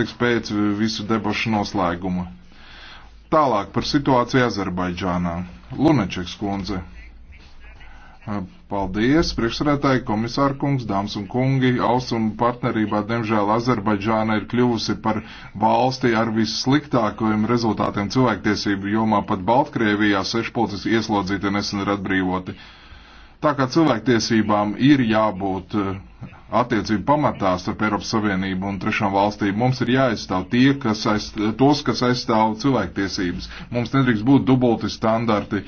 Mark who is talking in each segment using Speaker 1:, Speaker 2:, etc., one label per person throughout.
Speaker 1: tiks pēc visu debašu noslēguma. Tālāk par situāciju Azerbaidžānā. Lunačeks kundze. Paldies, priekšsarētāji, komisāra kungs, dāmas un kungi. Austrumu partnerībā, diemžēl, Azerbaidžāna ir kļuvusi par valsti ar vissliktākajiem rezultātiem cilvēktiesību jomā. Pat Baltkrievijā seši policisti ieslodzīti nesen ir atbrīvoti. Uh, Tā kā cilvēktiesībām ir jābūt eh, attiecību pamatā starp Eiropas Savienību un trešām valstīm, mums ir jāaizstāv tie, kas aiz, tos, kas aizstāv cilvēktiesības. Mums nedrīkst būt dubulti standarti.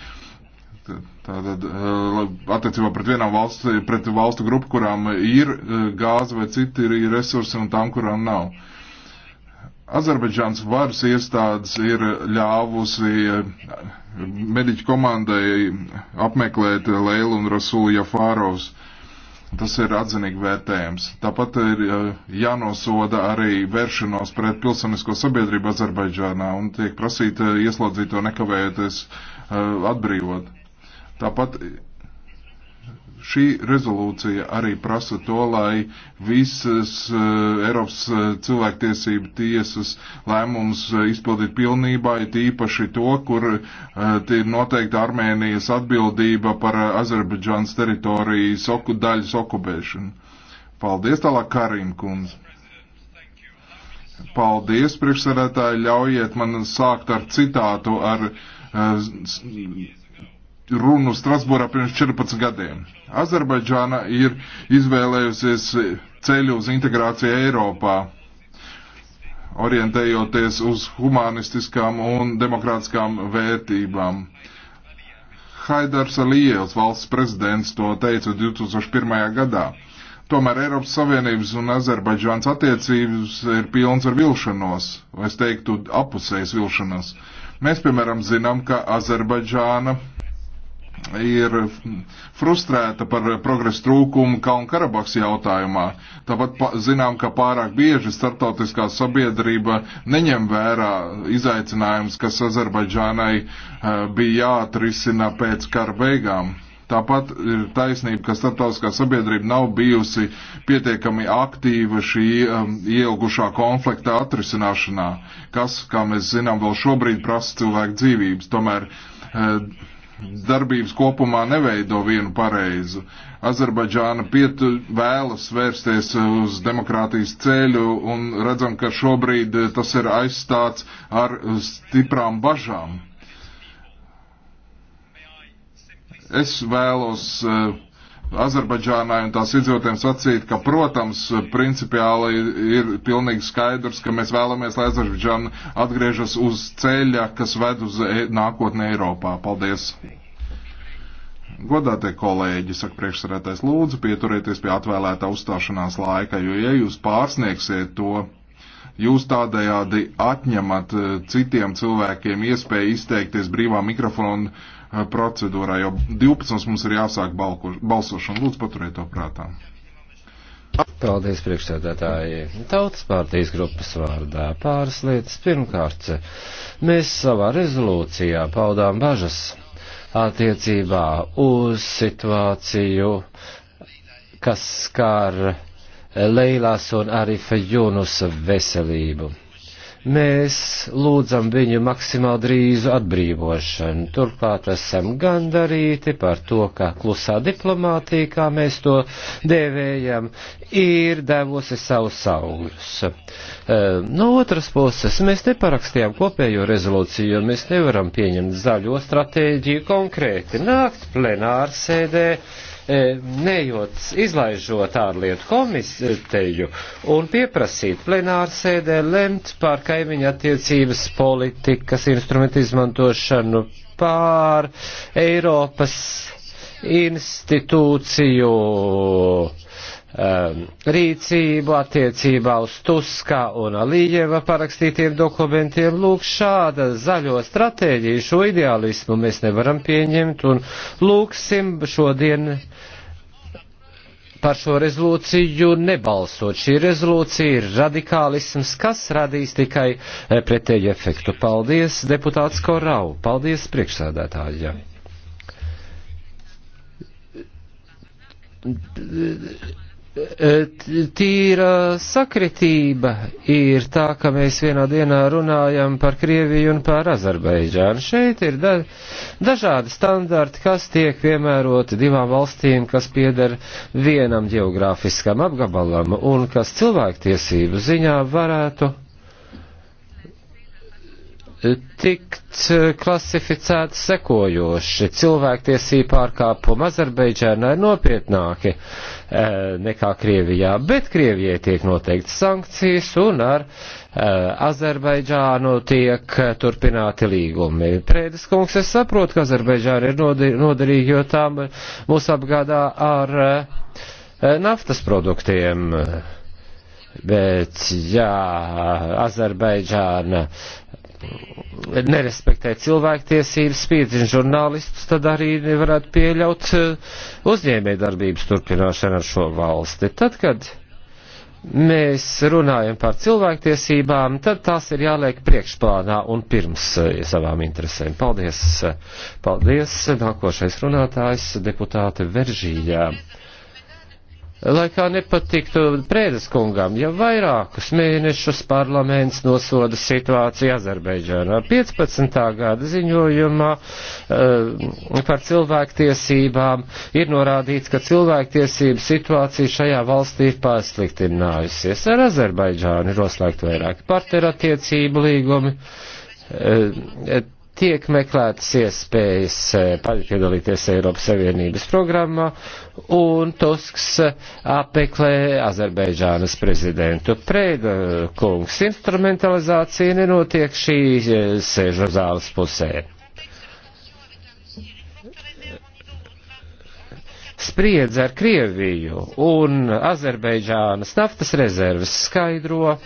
Speaker 1: Tātad eh, attiecībā pret vienām valsts, pret valstu grupu, kurām ir eh, gāze vai citi ir resursi un tām, kurām nav. Uh, Azerbaidžāns varas iestādes ir ļāvusi eh, mediķu komandai apmeklēt Leilu un Rasulu Jafārovs. Tas ir atzinīgi vērtējams. Tāpat ir eh, jānosoda arī vēršanos pret pilsonisko sabiedrību Azerbaidžānā un tiek prasīta eh, ieslodzīto nekavējoties atbrīvot. Tāpat Šī rezolūcija arī prasa to, lai visas eh, Eiropas eh, cilvēktiesība tiesas lēmums eh, izpildītu pilnībā, it īpaši to, kur ir noteikta Armēnijas atbildība par Azerbaidžānas teritorijas oku, daļas okupēšanu. Paldies tālāk Karim kundze. Paldies, priekšsarētāji, ļaujiet man sākt ar citātu ar uh, runu Strasbūrā pirms 14 gadiem. Azerbaidžāna ir izvēlējusies ceļu uz integrāciju Eiropā, orientējoties uz humanistiskām un demokrātiskām vērtībām. Haidars Alijevs, valsts prezidents, to teica 2001. gadā. Tomēr Eiropas Savienības un Azerbaidžānas attiecības ir pilns ar vilšanos, vai es teiktu, apusējas vilšanos. Mēs, piemēram, zinām, ka Azerbaidžāna ir frustrēta par progresu trūkumu Kalnu-Karabaks jautājumā. Tāpat zinām, ka pārāk bieži starptautiskā sabiedrība neņem vērā izaicinājums, kas Azerbaidžānai eh, bija jāatrisina pēc kara beigām. Tāpat ir taisnība, ka starptautiskā sabiedrība nav bijusi pietiekami aktīva šī um, ielgušā konflikta atrisināšanā, kas, kā mēs zinām, vēl šobrīd prasa cilvēku dzīvības. Tomēr uh, darbības kopumā neveido vienu pareizu. Azerbaidžāna pietu vēlas vērsties uz demokrātijas ceļu un redzam, ka šobrīd tas ir aizstāts ar stiprām bažām. Es vēlos uh, Azerbaidžānai un tās iedzīvotājiem sacīt, ka, protams, principiāli ir pilnīgi skaidrs, ka mēs vēlamies, lai Azerbaidžāna atgriežas uz ceļa, kas ved uz e nākotnē Eiropā. Paldies! Godātie kolēģi, saka priekšsarētais, lūdzu pieturieties pie atvēlētā uzstāšanās laika, jo ja jūs pārsniegsiet to, Jūs tādējādi atņemat eh, citiem cilvēkiem iespēju izteikties brīvā mikrofona eh, procedūrā, jo 12 mums ir jāsāk balku, balsošana. Lūdzu, paturiet to prātā.
Speaker 2: Paldies, priekšsēdētāji. Tautas partijas grupas vārdā pāris lietas. Pirmkārt, mēs savā rezolūcijā paudām bažas attiecībā uz situāciju, kas skar Leilās un Arifa Junusa veselību. Mēs lūdzam viņu maksimāli drīzu atbrīvošanu. Turklāt esam gandarīti par to, ka klusā diplomātija, kā mēs to dēvējam, ir devusi savus augļus. Eh, no otras puses, mēs neparakstījām kopējo rezolūciju, jo mēs nevaram pieņemt zaļo stratēģiju konkrēti. Nākt plenārsēdē. sēdē E, nejot, izlaižot ārlietu komisteju un pieprasīt plenāru sēdē lemt par kaimiņu attiecības politikas instrumentu izmantošanu pār Eiropas institūciju um, rīcību attiecībā uz Tuska un Alijeva parakstītiem dokumentiem. Lūk, šāda zaļo stratēģiju, šo ideālismu mēs nevaram pieņemt un lūksim šodien par šo rezolūciju nebalsot. Šī rezolūcija ir radikālisms, kas radīs tikai eh, pretēju efektu. Paldies, deputāts Korau. Paldies, priekšsēdētāji. E, tīra sakritība ir tā, ka mēs vienā dienā runājam par Krieviju un par Azerbaidžānu. Šeit ir da dažādi standarti, kas tiek piemēroti divām valstīm, kas pieder vienam geogrāfiskam apgabalam un kas cilvēktiesību ziņā varētu tikt e, klasificēti sekojoši. Cilvēktiesība pārkāpuma Azerbaidžānā ir nopietnāki e, nekā Krievijā, bet Krievijai tiek noteikti sankcijas un ar e, Azerbaidžānu tiek turpināti līgumi. Prēdis kungs, es saprotu, ka Azerbaidžāna ir noderīga, jo tām mūs apgādā ar naftas produktiem. Bet, jā, Azerbaidžāna nerespektē cilvēktiesības, spiedzina žurnālistus, tad arī nevarētu pieļaut eh, uzņēmē darbības turpināšanu ar šo valsti. Tad, kad mēs runājam par cilvēktiesībām, tad tās ir jāliek priekšplānā un pirms eh, savām interesēm. Paldies! Eh, paldies! Nākošais runātājs deputāte Veržīļā lai kā nepatiktu prēdes kungam, ja vairākus mēnešus parlaments nosoda situāciju Azerbaidžānā. 15. gada ziņojumā uh, par cilvēktiesībām ir norādīts, ka cilvēktiesību situācija šajā valstī ir pasliktinājusies. Ar Azerbaidžānu ir noslēgt vairāki partnerattiecību līgumi. Uh, tiek meklētas iespējas eh, piedalīties Eiropas Savienības programmā, un Tusks eh, apmeklē Azerbaidžānas prezidentu. Prēda eh, kungs instrumentalizācija nenotiek šī sēžu zāles pusē. Spriedze ar Krieviju un Azerbaidžānas naftas rezerves skaidro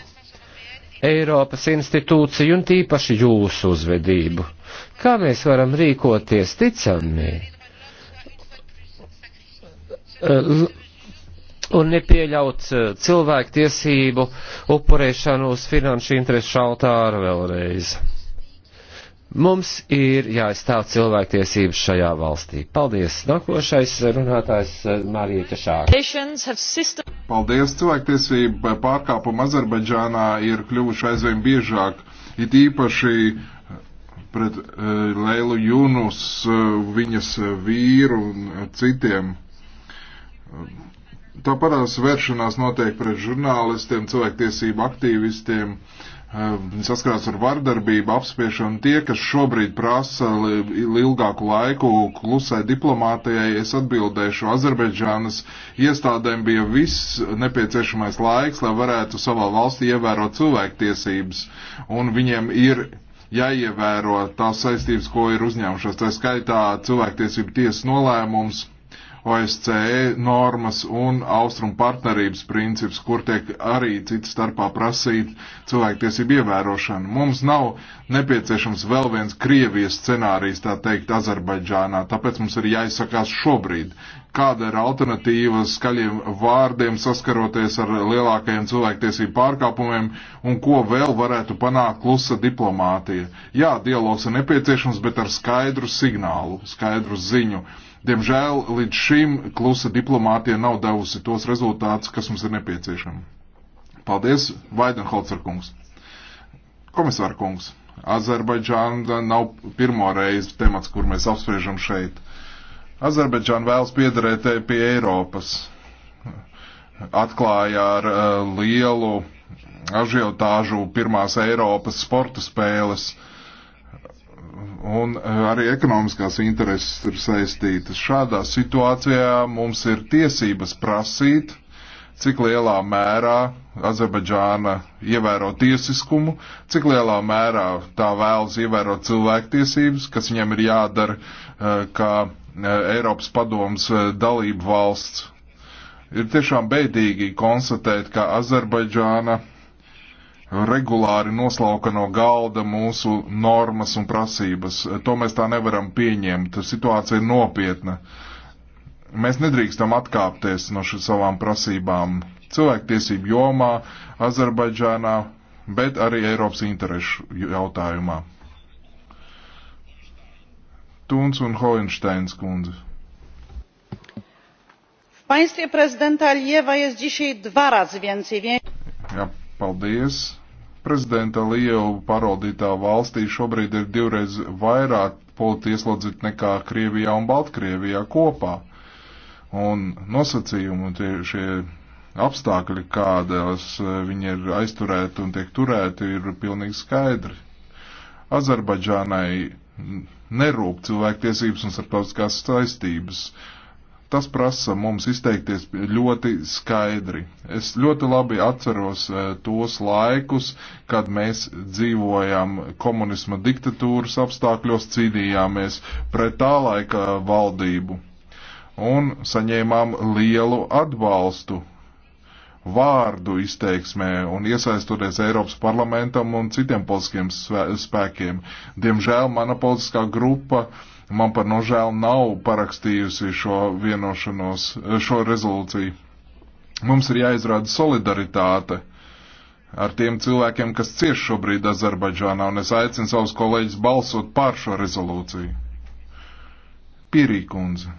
Speaker 2: Eiropas institūciju un tīpaši jūsu uzvedību. Kā mēs varam rīkoties ticami un nepieļaut eh, cilvēku tiesību upurēšanu uz finanšu interesu altāru vēlreiz? Mums ir jāizstāv cilvēktiesības šajā valstī. Paldies! Nākošais runātājs eh, Marija
Speaker 1: Češāka. Paldies! Cilvēktiesība pārkāpuma Azerbaidžānā ir kļuvuši aizvien biežāk, it īpaši eh, pret uh, eh, Leilu Junus, uh, viņas vīru un uh, citiem. Tāpatās vēršanās notiek pret žurnālistiem, cilvēktiesību aktīvistiem. Uh, saskarās ar vardarbību, apspiešanu. Tie, kas šobrīd prasa ilgāku laiku klusai diplomātijai, es atbildēšu, Azerbaidžānas iestādēm bija viss nepieciešamais laiks, lai varētu savā valstī ievērot cilvēktiesības, un viņiem ir jāievēro tās saistības, ko ir uzņēmušās. Tā skaitā cilvēktiesību tiesas nolēmums OSCE normas un austrumu partnerības princips, kur tiek arī cits starpā prasīt cilvēktiesību ievērošanu. Mums nav nepieciešams vēl viens Krievijas scenārijs, tā teikt, Azerbaidžānā, tāpēc mums ir jāizsakās šobrīd. Kāda ir alternatīva skaļiem vārdiem saskaroties ar lielākajiem cilvēktiesību pārkāpumiem un ko vēl varētu panākt klusa diplomātija? Jā, dialogs ir nepieciešams, bet ar skaidru signālu, skaidru ziņu Diemžēl līdz šim klusa diplomātija nav devusi tos rezultātus, kas mums ir nepieciešami. Paldies, Vaidenholzer kungs. Komisāra kungs, Azerbaidžāna nav pirmo reizi temats, kur mēs apspriežam šeit. Azerbaidžāna vēlas piederēt pie Eiropas. Atklāja ar uh, lielu ažiotāžu pirmās Eiropas sporta spēles. Uh, un e, arī ekonomiskās intereses ir saistītas. Šādā situācijā mums ir tiesības prasīt, cik lielā mērā Azerbaidžāna ievēro tiesiskumu, cik lielā mērā tā vēlas ievērot cilvēktiesības, kas viņam ir jādara e, kā e, Eiropas padomas dalību valsts. Ir tiešām beidīgi konstatēt, ka Azerbaidžāna regulāri noslauka no galda mūsu normas un prasības. To mēs tā nevaram pieņemt. Situācija ir nopietna. Mēs nedrīkstam atkāpties no savām prasībām cilvēktiesību jomā, Azerbaidžānā, bet arī Eiropas interešu jautājumā. Tuns un Hoensteins kundze.
Speaker 3: W państwie prezydenta Alijewa jest dzisiaj dwa razy więcej więźniów.
Speaker 1: Ja Paldies! Prezidenta Lievu parodītā valstī šobrīd ir divreiz vairāk politi ieslodzīti nekā Krievijā un Baltkrievijā kopā. Un nosacījumi tie šie apstākļi, kādās eh, viņi ir aizturēti un tiek turēti, ir pilnīgi skaidri. Azerbaidžānai nerūp cilvēktiesības un starptautiskās saistības. Uh, Tas prasa mums izteikties ļoti skaidri. Es ļoti labi atceros e, tos laikus, kad mēs dzīvojām komunisma diktatūras apstākļos, cīnījāmies pret tā laika valdību un saņēmām lielu atbalstu vārdu izteiksmē un iesaistoties Eiropas parlamentam un citiem politiskiem spēkiem. Diemžēl mana politiskā grupa uh, man par nožēlu nav parakstījusi šo vienošanos, šo rezolūciju. Mums ir jāizrāda solidaritāte ar tiem cilvēkiem, kas cieš šobrīd Azerbaidžānā, un es aicinu savus kolēģus balsot pār šo rezolūciju. Pirī kundze.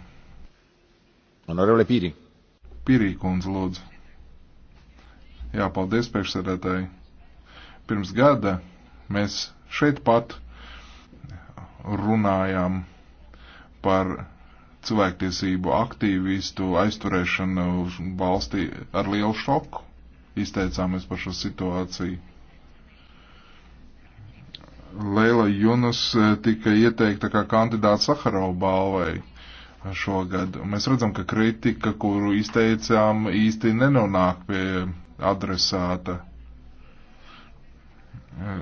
Speaker 1: Honorable Pirī. Pirī kundze, lūdzu. Jā, paldies priekšsēdētāji. Pirms gada mēs šeit pat runājām par cilvēktiesību aktīvistu aizturēšanu valstī ar lielu šoku. Izteicāmies par šo situāciju. Leila Junas e, tika ieteikta kā kandidāta Saharau balvai šogad. Mēs redzam, ka kritika, kuru izteicām, īsti nenonāk pie adresāta e,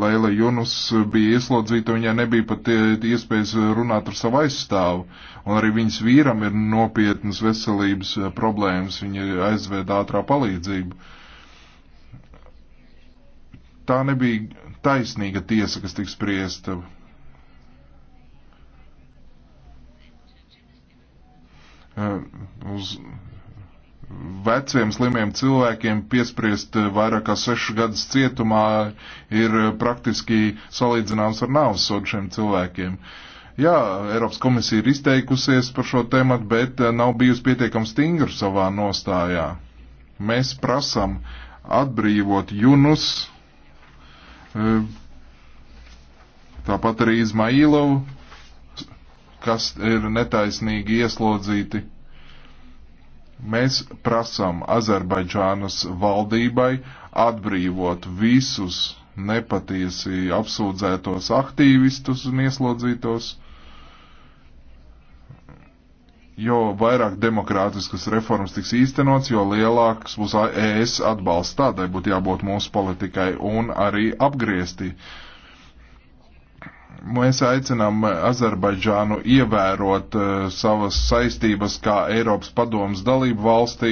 Speaker 1: Leila Junus bija ieslodzīta, viņai nebija pat iespējas runāt ar savu aizstāvu, un arī viņas vīram ir nopietnas veselības eh, problēmas, viņa aizveda ātrā palīdzību. Tā nebija taisnīga tiesa, kas tiks priesta. Eh, uz veciem slimiem cilvēkiem piespriest eh, vairāk kā sešus gadus cietumā ir eh, praktiski salīdzināms ar nāves sodu šiem cilvēkiem. Jā, Eiropas komisija ir izteikusies par šo tēmatu, bet eh, nav bijusi pietiekami stingra savā nostājā. Mēs prasam atbrīvot Junus, tāpat arī Izmailovu, kas ir netaisnīgi ieslodzīti Mēs prasām Azerbaidžānas valdībai atbrīvot visus nepatiesi apsūdzētos aktīvistus un ieslodzītos, jo vairāk demokrātiskas reformas tiks īstenots, jo lielāks būs ES atbalsts. Tādai būtu jābūt mūsu politikai un arī apgriezti uh, Mēs aicinām Azerbaidžānu ievērot uh, savas saistības kā Eiropas padomas dalību valstī.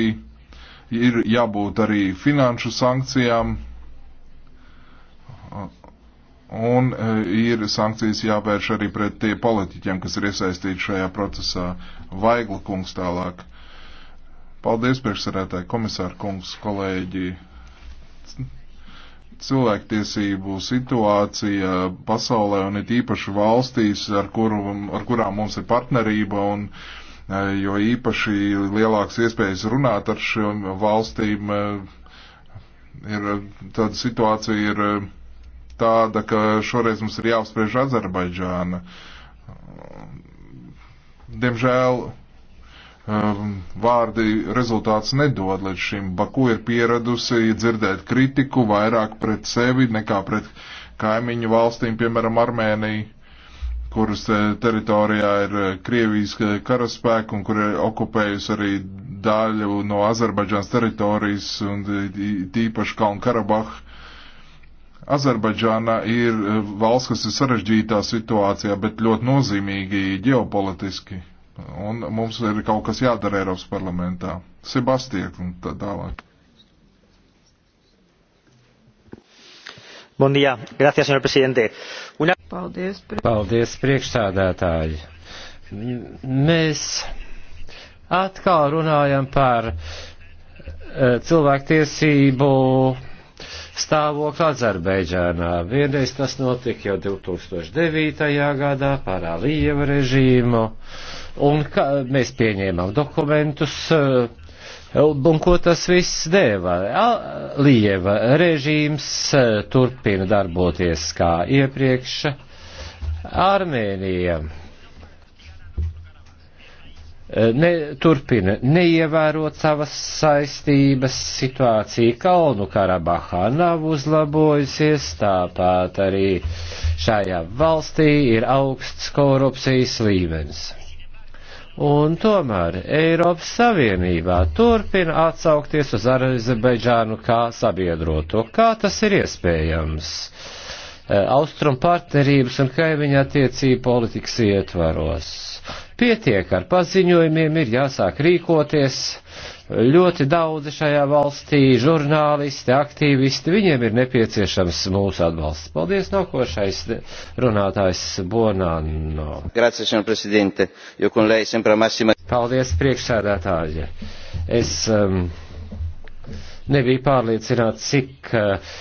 Speaker 1: Ir jābūt arī finanšu sankcijām un uh, ir sankcijas jāvērš arī pret tie politiķiem, kas ir iesaistīti šajā procesā. Vaigla kungs tālāk. Paldies, priekšsarētāji, komisāra kungs, kolēģi cilvēktiesību situācija pasaulē un it īpaši valstīs, ar, kuru, ar kurām mums ir partnerība un e, jo īpaši lielāks iespējas runāt ar šiem valstīm, e, ir tāda situācija ir e, tāda, ka šoreiz mums ir jāapspriež Azerbaidžāna. Diemžēl Ehm, vārdi rezultāts nedod līdz šim. Baku ir pieradusi dzirdēt kritiku vairāk pret sevi nekā pret kaimiņu valstīm, piemēram, Armēniju, kuras eh, teritorijā ir eh, Krievijas eh, karaspēku un kur ir okupējusi arī daļu no Azerbaidžāns teritorijas un tīpaši Kalnu Karabahu. Azerbaidžāna ir valsts, kas ir sarežģītā situācijā, bet ļoti nozīmīgi ģeopolitiski. Un mums ir kaut kas jādara Eiropas parlamentā. Sebastija un tā tālāk.
Speaker 2: Bon día. Gracias,
Speaker 1: señor presidente.
Speaker 2: Una... Paldies, prie... Paldies, priekšsādātāji. Mēs atkal runājam par eh, cilvēktiesību stāvokli Azerbaidžānā. Vienreiz tas notika jau 2009. gadā par Alieva režīmu. Uh, un ka, mēs pieņēmām dokumentus. Eh, un ko tas viss deva? Lieva režīms eh, turpina darboties kā iepriekš. Armēnija eh, ne, turpina neievērot savas saistības, situācija Kalnu Karabahā nav uzlabojusies, tāpat arī šajā valstī ir augsts korupcijas līmenis. Un tomēr Eiropas Savienībā turpina atsaukties uz Azerbaidžānu kā sabiedroto. Kā tas ir iespējams? E, Austrum partnerības un kaimiņa attiecību politikas ietvaros. Pietiek ar paziņojumiem, ir jāsāk rīkoties, ļoti daudzi šajā valstī, žurnālisti, aktīvisti, viņiem ir nepieciešams mūsu atbalsts. Paldies, nākošais runātājs Bonanno. Grazie, signor Presidente, jo con lei sempre massima. Paldies, priekšsēdētāji. Es um, nebiju pārliecināts, cik uh,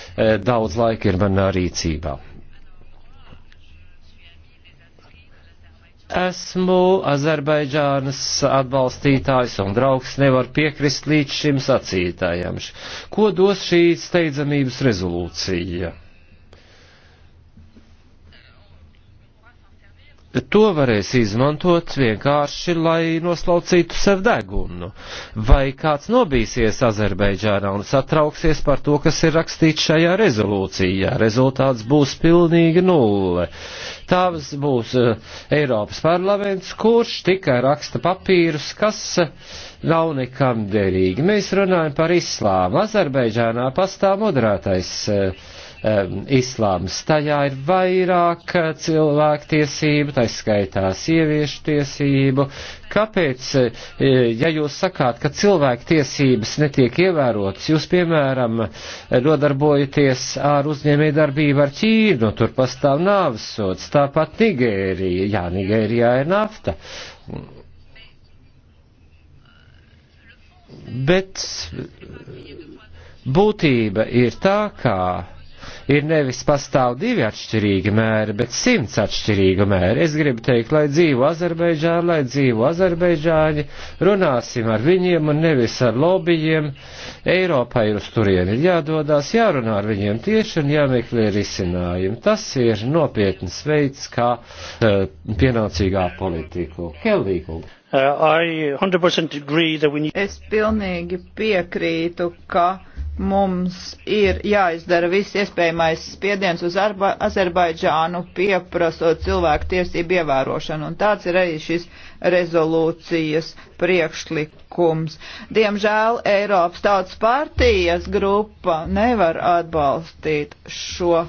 Speaker 2: daudz laika ir manā rīcībā. esmu Azerbaidžānas atbalstītājs un draugs nevar piekrist līdz šim sacītājam. Ko dos šī steidzamības rezolūcija? to varēs izmantot vienkārši, lai noslaucītu sev degunu. Vai kāds nobīsies Azerbaidžānā un satrauksies par to, kas ir rakstīts šajā rezolūcijā? Rezultāts būs pilnīgi nulle. Tās būs uh, Eiropas parlaments, kurš tikai raksta papīrus, kas uh, nav nekam derīgi. Mēs runājam par islāmu. Azerbaidžānā pastāv moderātais. Uh, eh, um, islāms. Tajā ir vairāk uh, cilvēktiesību, tā skaitā sieviešu tiesību. Kāpēc, uh, ja jūs sakāt, ka cilvēktiesības netiek ievērotas, jūs, piemēram, nodarbojaties ar uzņēmējdarbību ar Ķīnu, tur pastāv nāvesots, tāpat Nigērija, jā, Nigērijā ir nafta. Bet būtība ir tā, kā ir nevis pastāv divi atšķirīgi mēri, bet simts atšķirīgu mēri. Es gribu teikt, lai dzīvo Azerbaidžāni, lai dzīvo Azerbaidžāņi, runāsim ar viņiem un nevis ar lobbyiem. Eiropai ir uz turieni jādodas, jārunā ar viņiem tieši un jāmeklē risinājumi. Tas ir nopietns veids, kā uh, pienācīgā politiku. Helvīgu. Uh, es
Speaker 3: pilnīgi piekrītu, ka mums ir jāizdara viss iespējamais spiediens uz Arba Azerbaidžānu, pieprasot cilvēku tiesību ievērošanu, un tāds ir arī šis rezolūcijas priekšlikums. Diemžēl Eiropas tautas partijas grupa nevar atbalstīt šo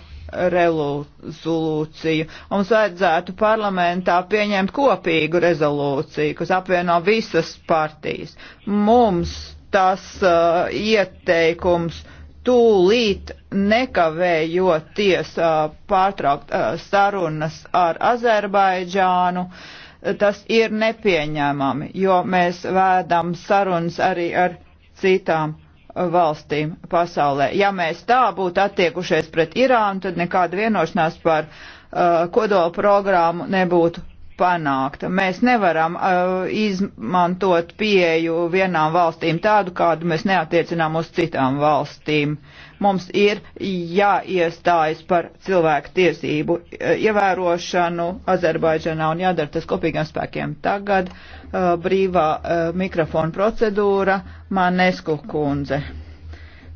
Speaker 3: rezolūciju. Mums vajadzētu parlamentā pieņemt kopīgu rezolūciju, kas apvieno visas partijas. Mums tas uh, ieteikums tūlīt nekavējoties uh, pārtraukt uh, sarunas ar Azerbaidžānu. Tas ir nepieņēmami, jo mēs vēdam sarunas arī ar citām valstīm pasaulē. Ja mēs tā būtu attiekušies pret Irānu, tad nekāda vienošanās par uh, kodola programmu nebūtu panākta. Mēs nevaram uh, izmantot pieeju vienām valstīm tādu, kādu mēs neatiecinām uz citām valstīm. Mums ir jāiestājas par cilvēku tiesību uh, ievērošanu Azerbaidžanā un jādara tas kopīgiem spēkiem. Tagad uh, brīvā uh, mikrofona procedūra. Uh, Manesku kundze.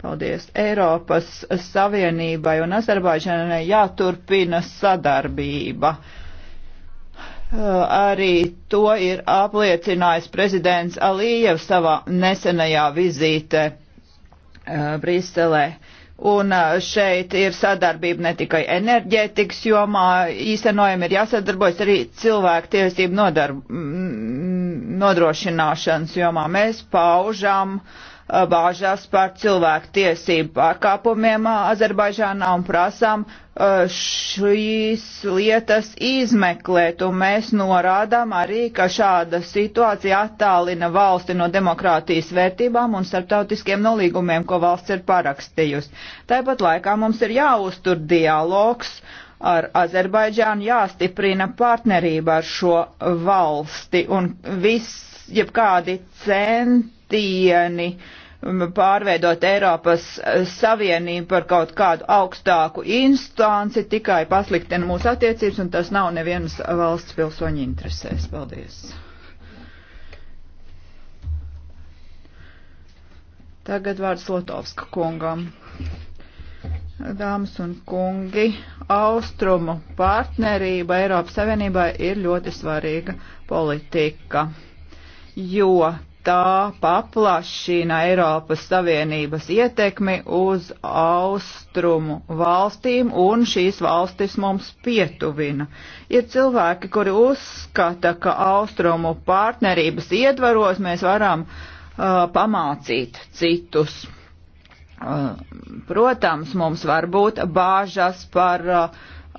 Speaker 3: Paldies Eiropas Savienībai un Azerbaidžanai jāturpina sadarbība. Eh, arī to ir apliecinājis prezidents Alijevs savā nesenajā vizīte eh, Briselē. Uh, Un šeit ir sadarbība ne tikai enerģētikas jomā, īstenojami ir jāsadarbojas arī cilvēku tiesību nodrošināšanas jomā. Mēs paužam uh, bāžās par cilvēku tiesību pārkāpumiem Azerbaidžānā un prasām šīs lietas izmeklēt. Un mēs norādām arī, ka šāda situācija attālina valsti no demokrātijas vērtībām un starptautiskiem nolīgumiem, ko valsts ir parakstījusi. Tāpat laikā mums ir jāuztur dialogs ar Azerbaidžānu jāstiprina partnerība ar šo valsti un viss, jebkādi centi centieni pārveidot Eiropas Savienību par kaut kādu augstāku instanci tikai pasliktina mūsu attiecības, un tas nav nevienas valsts pilsoņu interesēs. Paldies! Tagad vārds Lotovska kungam. Dāmas un kungi, austrumu partnerība Eiropas Savienībā ir ļoti svarīga politika, jo tā paplašina Eiropas Savienības ietekmi uz austrumu valstīm, un šīs valstis mums pietuvina. Ir cilvēki, kuri uzskata, ka austrumu partnerības iedvaros mēs varam uh, pamācīt citus. Uh, protams, mums var būt bāžas par uh,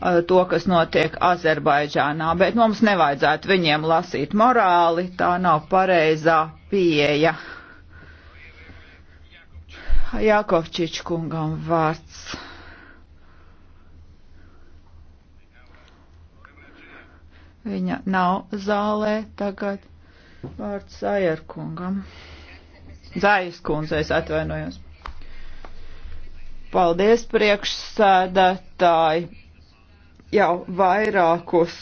Speaker 3: Eh, to, kas notiek Azerbaidžānā, bet mums nevajadzētu viņiem lasīt morāli, tā nav pareizā pieeja. Jākovčič kungam vārds. Viņa nav zālē tagad. Vārds Zajerkungam. Zajas kundzēs atvainojos. Paldies priekšsēdētāji jau vairākus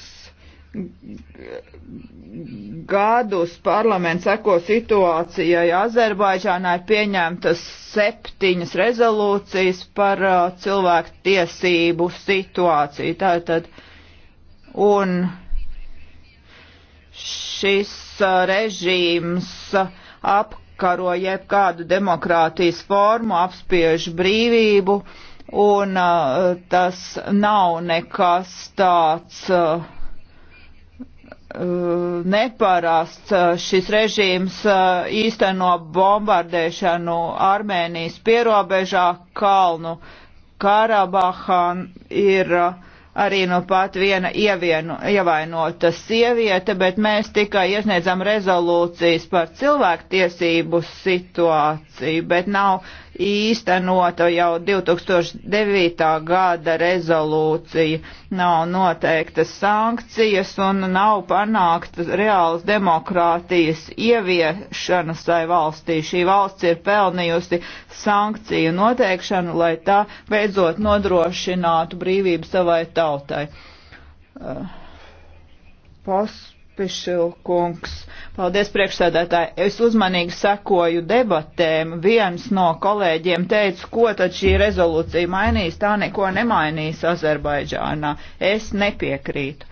Speaker 3: gadus parlaments seko situācijai Azerbaidžānā ir pieņemtas septiņas rezolūcijas par uh, cilvēku tiesību situāciju. Tātad, un šis uh, režīms uh, apkaro jebkādu demokrātijas formu, apspiež brīvību, uh, un uh, tas nav nekas tāds uh, neparasts. Šis režīms uh, īsteno bombardēšanu Armēnijas pierobežā Kalnu Karabahā ir uh, arī nu pat viena ievienu, ievainota sieviete, bet mēs tikai iesniedzam rezolūcijas par cilvēktiesību situāciju, bet nav īstenota jau 2009. gada rezolūcija, nav noteiktas sankcijas un nav panāktas reāls demokrātijas ieviešanas tai valstī. Šī valsts ir pelnījusi sankciju noteikšanu, lai tā beidzot nodrošinātu brīvību savai tautai. Uh, Pas Popišilkungs. Paldies, priekšsēdētāji. Es uzmanīgi sekoju debatēm. Viens no kolēģiem teica, ko tad šī rezolūcija mainīs. Tā neko nemainīs Azerbaidžānā. Es nepiekrītu.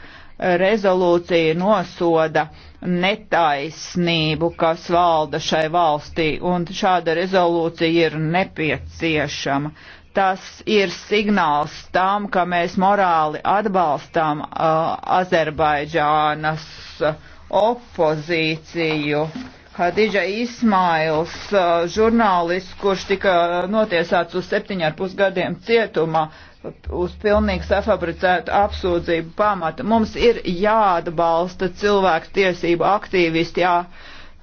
Speaker 3: Rezolūcija nosoda netaisnību, kas valda šai valstī, un šāda rezolūcija ir nepieciešama. Tas ir signāls tam, ka mēs morāli atbalstām uh, Azerbaidžānas uh, opozīciju. Hadidža Ismails, uh, žurnālists, kurš tika notiesāts uz septiņu ar pusgadiem cietumā, uz pilnīgi safabricētu apsūdzību pamata. Mums ir jāatbalsta cilvēku tiesību aktīvisti, jā,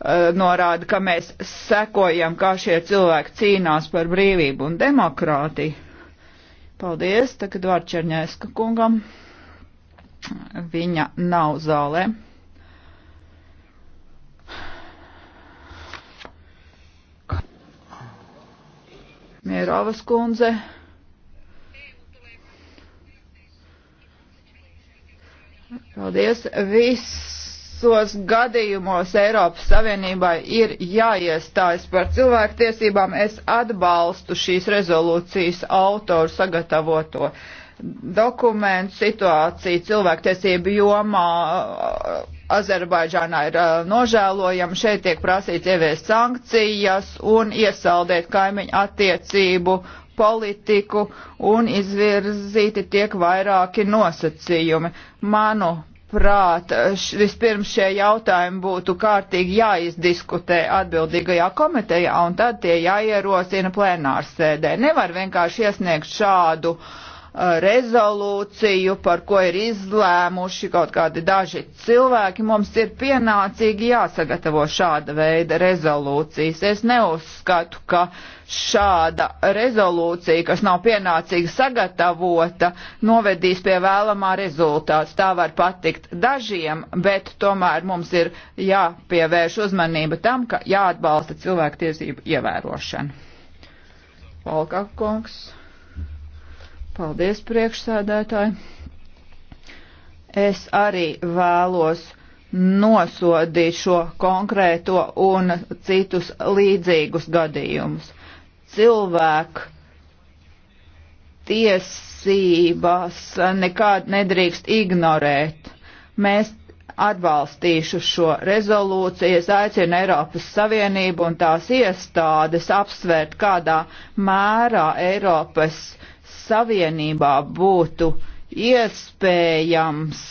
Speaker 3: Eh, norāda, ka mēs sekojam, kā šie cilvēki cīnās par brīvību un demokrātiju. Paldies, tagad vārds Čerņēska kungam. Viņa nav zālē. Mierovas kundze. Paldies. Viss visos gadījumos Eiropas Savienībai ir jāiestājas par cilvēktiesībām. Es atbalstu šīs rezolūcijas autoru sagatavoto dokumentu situāciju cilvēktiesību jomā. Azerbaidžānā ir nožēlojama. Šeit tiek prasīts ieviest sankcijas un iesaldēt kaimiņu attiecību politiku un izvirzīti tiek vairāki nosacījumi. Manu prāt, š, vispirms šie jautājumi būtu kārtīgi jāizdiskutē atbildīgajā komitejā un tad tie jāierosina plenārsēdē. Nevar vienkārši iesniegt šādu uh, Eh, rezolūciju, par ko ir izlēmuši kaut kādi daži cilvēki. Mums ir pienācīgi jāsagatavo šāda veida rezolūcijas. Es neuzskatu, ka šāda rezolūcija, kas nav pienācīgi sagatavota, novedīs pie vēlamā rezultāts. Tā var patikt dažiem, bet tomēr mums ir jāpievērš uzmanība tam, ka jāatbalsta cilvēku tiesību ievērošana. Valkā kungs. Paldies, priekšsēdētāji. Es arī vēlos nosodīt šo konkrēto un citus līdzīgus gadījumus. Cilvēku tiesības nekād nedrīkst ignorēt. Mēs atbalstīšu šo rezolūciju. Es aicinu Eiropas Savienību un tās iestādes apsvērt, kādā mērā Eiropas Savienībā būtu iespējams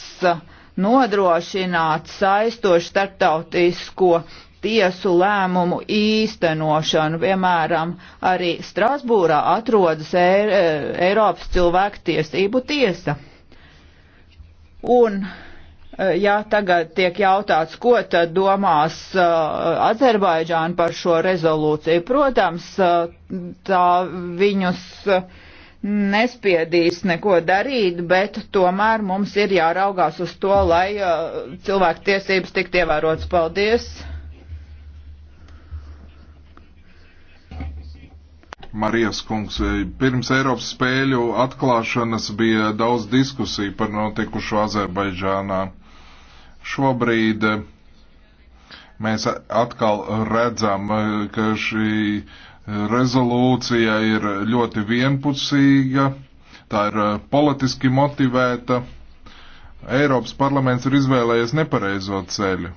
Speaker 3: nodrošināt saistošu starptautisko tiesu lēmumu īstenošanu. Piemēram, arī Strasbūrā atrodas e, e, Eiropas cilvēktiesību tiesa. Un e, ja tagad tiek jautāts, ko tad domās uh, Azerbaidžāna par šo rezolūciju, protams, uh, tā viņus uh, nespiedīs neko darīt, bet tomēr mums ir jāraugās uz to, lai uh, cilvēku tiesības tiktu ievērotas. Paldies!
Speaker 1: Marijas kungs, eh, pirms Eiropas spēļu atklāšanas bija daudz diskusiju par notikušo Azerbaidžānā. Šobrīd eh, mēs atkal redzam, eh, ka šī uh, rezolūcija ir ļoti vienpusīga, tā ir eh, politiski motivēta. Eiropas parlaments ir izvēlējies nepareizo ceļu.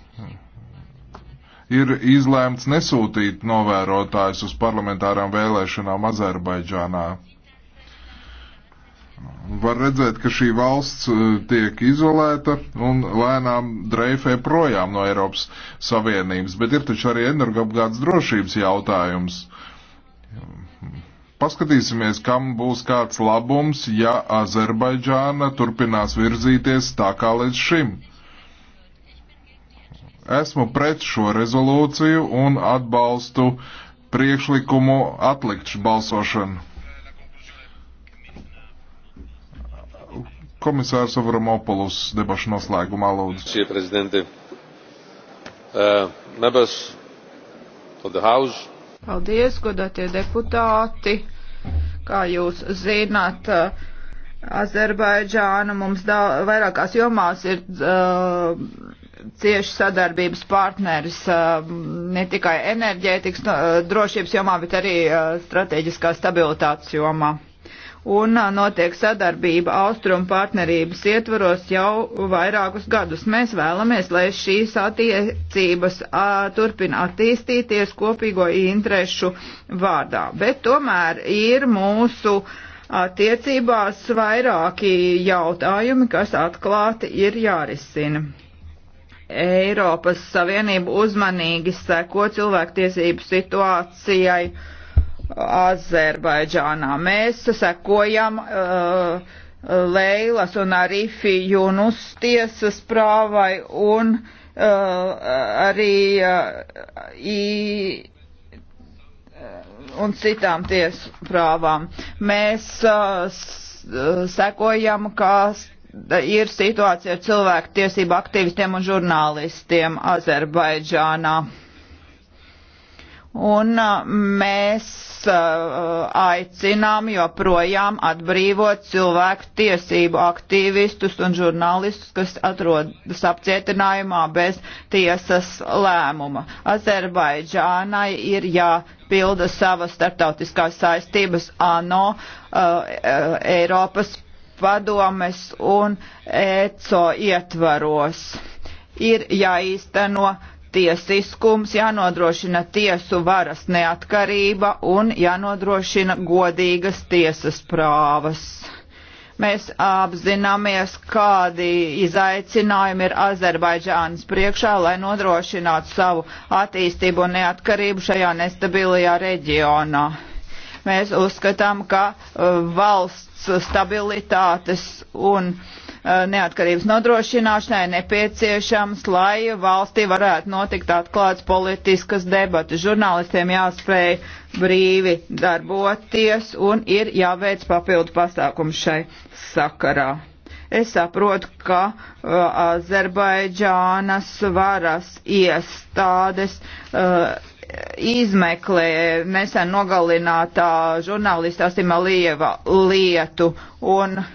Speaker 1: Ir izlēmts nesūtīt novērotājus uz parlamentārām vēlēšanām Azerbaidžānā. Var redzēt, ka šī valsts eh, tiek izolēta un lēnām dreifē projām no Eiropas Savienības, bet ir taču arī energoapgādes drošības jautājums. Uh, Paskatīsimies, kam būs kāds labums, ja Azerbaidžāna turpinās virzīties tā kā līdz šim. Esmu pret šo rezolūciju un atbalstu priekšlikumu atlikt balsošanu. Komisārs Avramopoulos debašu noslēgumā lūdzu.
Speaker 2: Uh, members of the House,
Speaker 3: Paldies, godātie deputāti. Kā jūs zināt, eh, Azerbaidžāna mums da, vairākās jomās ir uh, cieši sadarbības partneris uh, ne tikai enerģētikas uh, drošības jomā, bet arī uh, strateģiskā stabilitātes jomā un notiek sadarbība austrumu partnerības ietvaros jau vairākus gadus. Mēs vēlamies, lai šīs attiecības a, turpina attīstīties kopīgo interešu vārdā, bet tomēr ir mūsu attiecībās vairāki jautājumi, kas atklāti ir jārisina. Eiropas Savienība uzmanīgi seko cilvēktiesību situācijai Azerbaidžānā. Mēs sekojam uh, uh Leilas un Arifi Junus tiesas prāvai un uh, arī uh, i, uh, un citām tiesu prāvām. Mēs uh, sekojam, kā ir situācija ar cilvēku tiesību aktīvistiem un žurnālistiem Azerbaidžānā un mēs aicinām joprojām atbrīvot cilvēku tiesību aktīvistus un žurnālistus, kas atrodas apcietinājumā bez tiesas lēmuma. Azerbaidžānai ir jāpilda savas starptautiskās saistības ANO, Eiropas padomes un ECO ietvaros. Ir jāīsteno no tiesiskums, jānodrošina tiesu varas neatkarība un jānodrošina godīgas tiesas prāvas. Mēs apzināmies, kādi izaicinājumi ir Azerbaidžānas priekšā, lai nodrošinātu savu attīstību un neatkarību šajā nestabilajā reģionā. Mēs uzskatām, ka uh, valsts stabilitātes un uh, Eh, neatkarības nodrošināšanai nepieciešams, lai valstī varētu notikt atklāts politiskas debatas. Žurnālistiem jāspēj brīvi darboties un ir jāveic papildu pasākumu šai sakarā. Es saprotu, ka uh, Azerbaidžānas varas iestādes uh, izmeklē nesen nogalinātā žurnālista Asimalieva lietu un uh,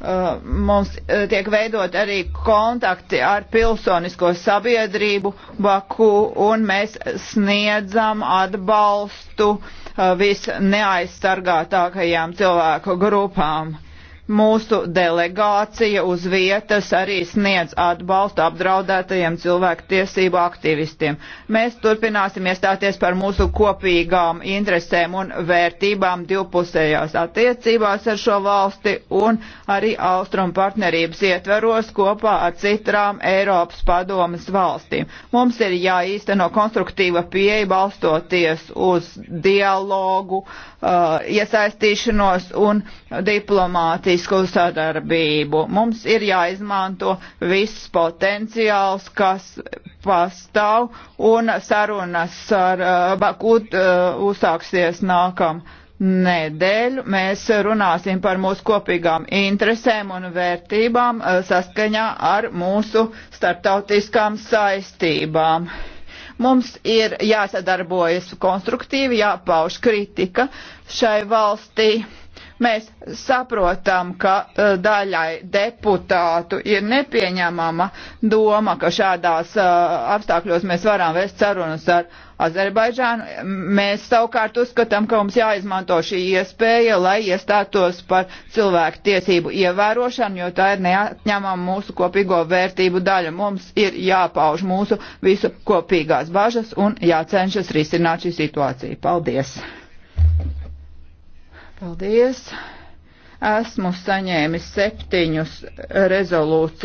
Speaker 3: Uh, mums uh, tiek veidot arī kontakti ar pilsonisko sabiedrību Baku un mēs sniedzam atbalstu uh, visneaizstargātākajām cilvēku grupām mūsu delegācija uz vietas arī sniedz atbalstu apdraudētajiem cilvēku tiesību aktivistiem. Mēs turpināsim iestāties par mūsu kopīgām interesēm un vērtībām divpusējās attiecībās ar šo valsti un arī austrumu partnerības ietveros kopā ar citām Eiropas padomas valstīm. Mums ir jāīsteno konstruktīva pieeja balstoties uz dialogu, uh, iesaistīšanos un diplomātiju praktisku sadarbību. Mums ir jāizmanto viss potenciāls, kas pastāv, un sarunas ar uh, Bakūt uh, uzsāksies nākam nedēļu. Mēs runāsim par mūsu kopīgām interesēm un vērtībām uh, saskaņā ar mūsu starptautiskām saistībām mums ir jāsadarbojas konstruktīvi, jāpauž kritika šai valstī. Mēs saprotam, ka uh, daļai deputātu ir nepieņemama doma, ka šādās uh, apstākļos mēs varam vest sarunas ar Azerbaidžānu. Mēs savukārt uzskatām, ka mums jāizmanto šī iespēja, lai iestātos par cilvēku tiesību ievērošanu, jo tā ir neatņemama mūsu kopīgo vērtību daļa. Mums ir jāpauž mūsu visu kopīgās bažas un jācenšas risināt šī situācija. Paldies! Paldies! Esmu saņēmis septiņus rezolūciju.